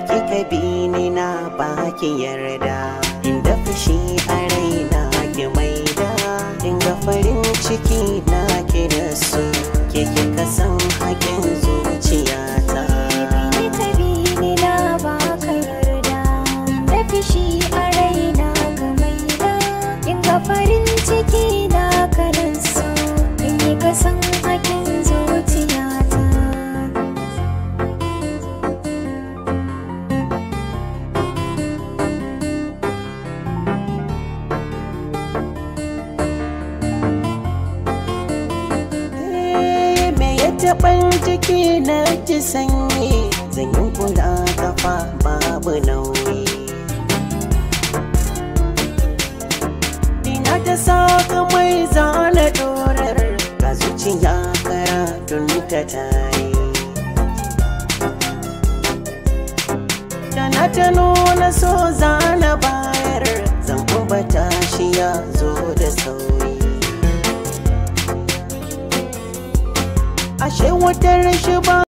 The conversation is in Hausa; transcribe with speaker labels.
Speaker 1: ke kika na baki yarda inda fushi a raina ki maida farin ciki na ki da su ke kika san hakin zuciyata
Speaker 2: Shi a raina ga maida, in ga farin ciki na karansu, in yi
Speaker 3: gabar jiki na ji sanyi zan kula kafa babu nauyi
Speaker 4: dina ta saka mai zana dorar
Speaker 5: ga zuciya
Speaker 4: karatun ta tari
Speaker 6: Tana ta nuna so zana bayar zan kuma
Speaker 3: shi ya zo da sauri
Speaker 2: ashe wata rashi ba